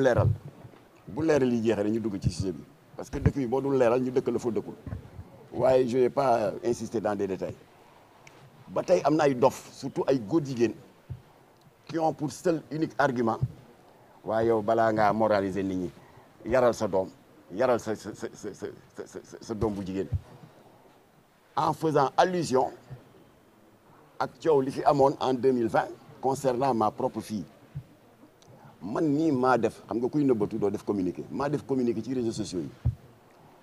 leeral bu leeral li jeexee dañu dugg ci sujet parce que dëkk bi bo dul leeral ñu dëkk la fa dëkkul waye je n'ai pas insisté dans des détails ba tey am ay dof surtout ay góor jigéen qui ont pour seul unique argument waaye yow balaa moraliser nit ñi yaral sa dom yaral sa sa sa sa sa doom bu jigéen en faisant allusion ak coow li fi amone en 2020 concernant ma propre fille man nii maa def xam nga kuy nëbbatu doo def communiqué maa def communiqué ci réseaux sociaux yi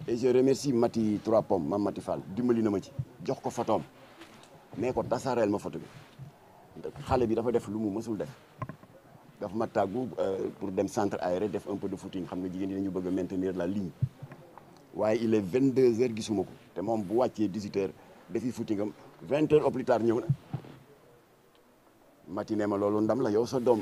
et je remercie Mati trois pommes maam Mati Fall dimbali na ma ci jox ko photoom mais ko tasaareel ma photo bi xale bi dafa def lu mu mësul def dafa ma tàggu euh, pour dem centre aéré def un peu de footing xam ne jigéen ñi ñu bëgg a maintenir la ligne waaye il est 22 heures gisuma ko te moom bu wàccee 18 heures defi footingam vingt heures au plus ñëw na Mati ne ma loolu ndam la yow sa doom.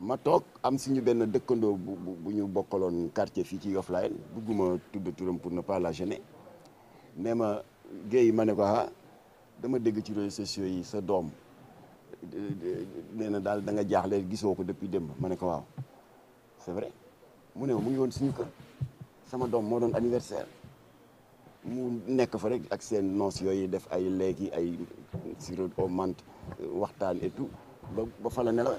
ma toog am suñu benn dëkkandoo bu bu ñu bokkaloon quartier fii ci Yoff Layène bugguma tudd turam pour na pas la gêner nee ma géey ma ne ko ah dama dégg ci réseaux sociaux yi sa doom nee na daal da nga jaaxle gisoo ko depuis démb ma ne ko waaw c'est vrai mu ne mu ngi woon suñu kër sama doom moo doon anniversaire mu nekk fa rek ak seen noos yooyu def ay lekki ay sirop au menthe waxtaan et tout ba ba fa la nelawee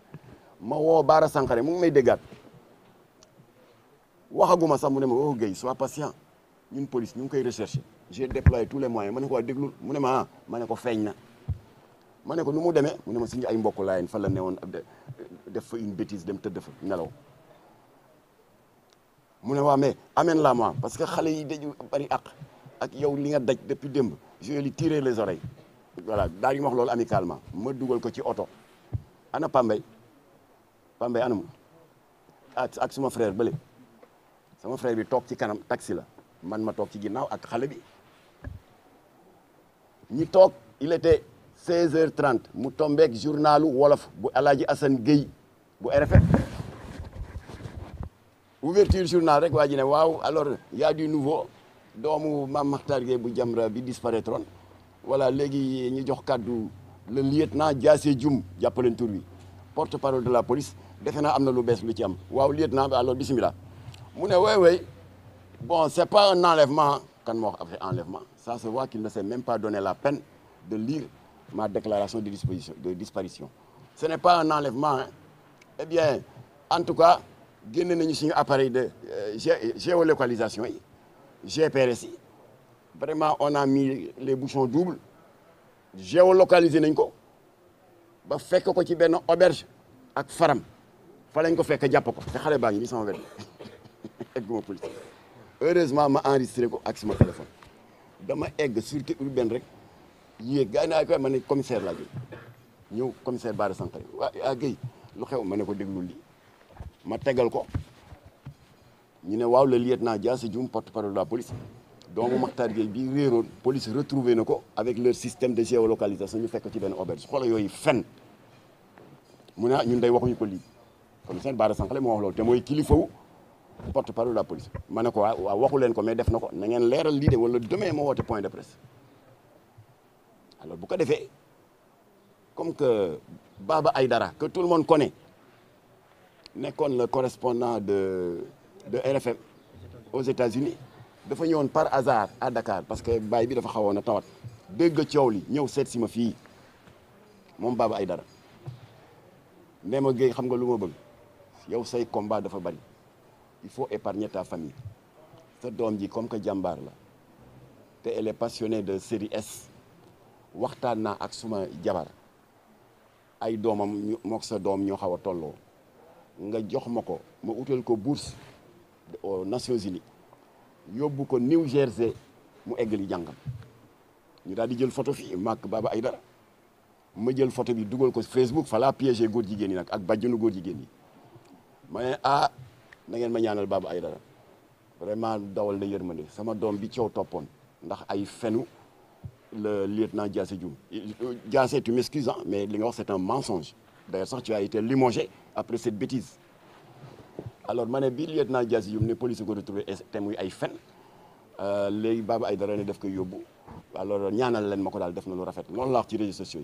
ma wo bara Sankhare mu ngi may déggaat waxaguma sa mu ne ma oh Guèye sois patient ñun police ñu koy rechercher j'ai déployé tous les moyens mané ko waa déglul mu ne ma ah, mané ko feeñ na ma ko numu démé demee mu ne ma suñu ay mbokk laayeen fa la ne def fa une bêtise dem tëdd nelaw mu ne wa mais amène la moi parce que xalé yi daju bari ak ak yow li nga daj depuis demb je vais lui tirer les oreilles voilà daal di wax loolu amicalement ma dugal ko ci auto ana Pambay pambe anam at ak suma frère bële sama frère bi toog ci kanam taxi la man ma tok ci ginnaw ak xalé bi ñi tok il était 16h30 mu ak journalu wolof bu El Hadj Assane Guèye bu rff ouverture journal rek waa ji ne waaw alors y a du nouveau doomu Mame Makhtar Guèye bu Jamra bi disparaître woon voilà légui ñi jox cadeau le lieutenant Diassé djum jàppaleen tur bi porte-parole de la police défendant naa am na lu bees lu lieutenant alors bismillah. oui bon c'est pas un enlèvement hein. enlèvement ça se voit qu'il ne s'est même pas donné la peine de lire ma déclaration de disparition ce n'est pas un enlèvement hein. eh bien en tout cas j'ai nañu un appareil de euh, géolocalisation GPRSI. vraiment on a mis les bouchons doubles géolocalisé nañ ba fekk ko ci benn auberge ak faram fa lañ ko fekk jàpp ko te xale baa ngi nii sama wet egguma police heureusement ma enregistré ko ak sama téléphone dama egg sûreté urbaine rek yéeg gars yi naa ko ma ne commissaire laa jóg ñëw commissaire Bara Sankaré waa ah lu xew ma ne ko déglu li ma tegal ko ñu ne waaw le lieutenant Dia si Dioum porte-parole de la police doomu Makhtar Gueye bi réeroon police retrouvé na ko avec leur système de géolocalisation ñu fekk ci benn auberge xoolal yooyu fen mu ne ah, ñun day waxuñu ko lii commissaire Barre Sankhale moo wax loolu te mooy kilifawu porte parole de la police ma ne ko waa waaw waxu leen ko mais def na ko na ngeen leeral lii de wala demain ma woote point de presse alors bu ko defee comme que Baba Aïdara que tout le monde connaît nekkoon le correspondant de de RFM aux États-Unis dafa ñëwoon par hasard à Dakar parce que baay bi dafa xawoon a tawat dégg coow li ñëw seet si ma fii moom Baba Aïdara Néma xam nga combat de bari il faut épargner ta famille sa fille comme que te elle est passionnée de série S waxtaan naa suma jabar ay domam mok sa dom ñoo xawa a nga jox ma ko bourse aux Nations Unies ko New Jersey mu jangam ñu daal di jël photo Baba Aïda ma jël photo bi dugal ko Facebook fa la piéger goor jigéen ñi nag ak bàjjenu goor jigéen ñi ma ne ah na ngeen ma ñaanal Baba dara vraiment dawal na yërmande sama doom bi ciow topone ndax ay fenu le lieutenant Diassé Dioum Diassé tu m'excuses hein, mais li nga wax c'est un mensonge d'ailleurs sax tu as été limogé après cette bêtise alors mané bi lieutenant Diassé Dioum ne police ko retrouvé té muy ay fen euh, léegi Baba Aïdara ne daf koy yóbbu alors ñaanal leen mako dal def na lu rafet non la wax ci réseaux sociaux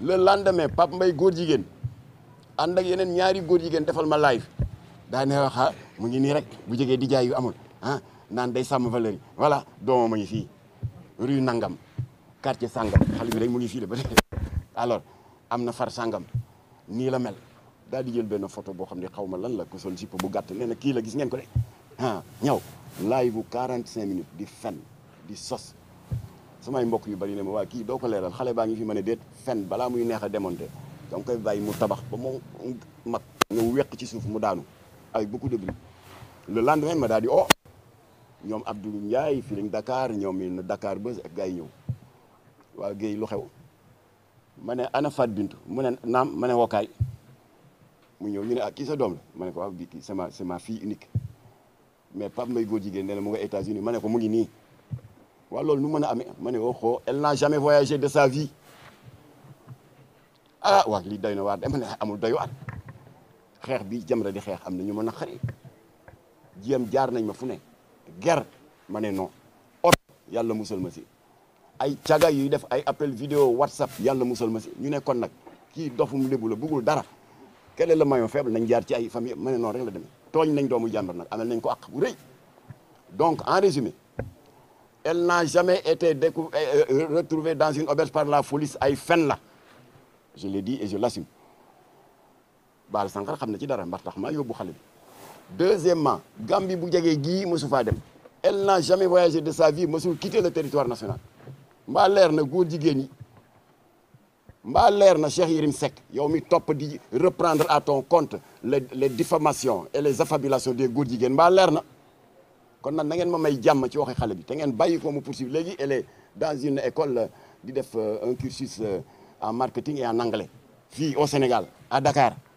le lendemain Pape Mbaye góor jigéen ànd ak yeneen ñaari góor jigéen defal ma live daa ne waxa ah, mu ngi nii rek bu jegee di jaay yu amul ah naan day sàmm valeur yi voilà doomam ma ngi fii rue Nangam quartier Sangam xale rek mu ngi fii de ba alors am na far Sangam nii la mel daal di jël benn photo boo xam ne xaw ma lan la ko sol jipp bu gàtt nee na kii la gis ngeen ko de ah ñëw live bu 45 minutes di fen di sos. samay mbokk yu bari ne ma waa kii doo ko leeral xale baa ngi fi mën a déet fen balaa muy neex a démonter danga koy bàyyi mu tabax ba mu mag nga weq ci suuf mu daanu avec beaucoup de bruit le lendemain ma daal di oh ñoom Abdou Ndiaye Feeling Dakar ñoom in dakaar Buzz ak gars yi ñëw waa géey lu xew ma ne ana Fat Bintou mu ne naam ma ne wokkaay mu ñëw ñu ne ah kii sa doom la ma ne ko waaw bii kii c'est ma c'est ma fille unique mais Pape may góor jigéen ne mu nga États-Unis ma ne ko mu ngi nii waaw loolu nu mën a amee ma elle n'a jamais voyagé de sa vie ah waaw li doy na waar dama ne amul doy waar xeex bi Jamra di xeex am na ñu mën xari jéem jaar nañ ma fu ne ger non or yàlla musal ma si ay caga yuy def ay appel vidéo whatsapp yàlla musal ma si ñu ne kon nag kii dofum lébu la bëggul dara kele la maillon faible nañ jaar ci ay famille ma non noonu rek la demee tooñ nañ doomu jàmbur nag amal nañ ko àq bu rëy donc en résumé elle n'a jamais été euh, euh, retrouvée dans une auberge par la police à Yfenla. je l'ai dit et je l'assume Sankar, ci dara deuxièmement Gambi bu Guy gii dem elle n'a jamais voyagé de sa vie Moussou, quitté le territoire national Je leer na góor jigéen Je Cheikh Yirim Sek. yow mi top di reprendre à ton compte les diffamations et les affabulations de góor kon nan na ngeen ma may jàmm ci waxe xale bi te ngeen bàyyi ko mu poursuivre elle est dans une école di def euh, un cursus euh, en marketing et en anglais fii au Sénégal à Dakar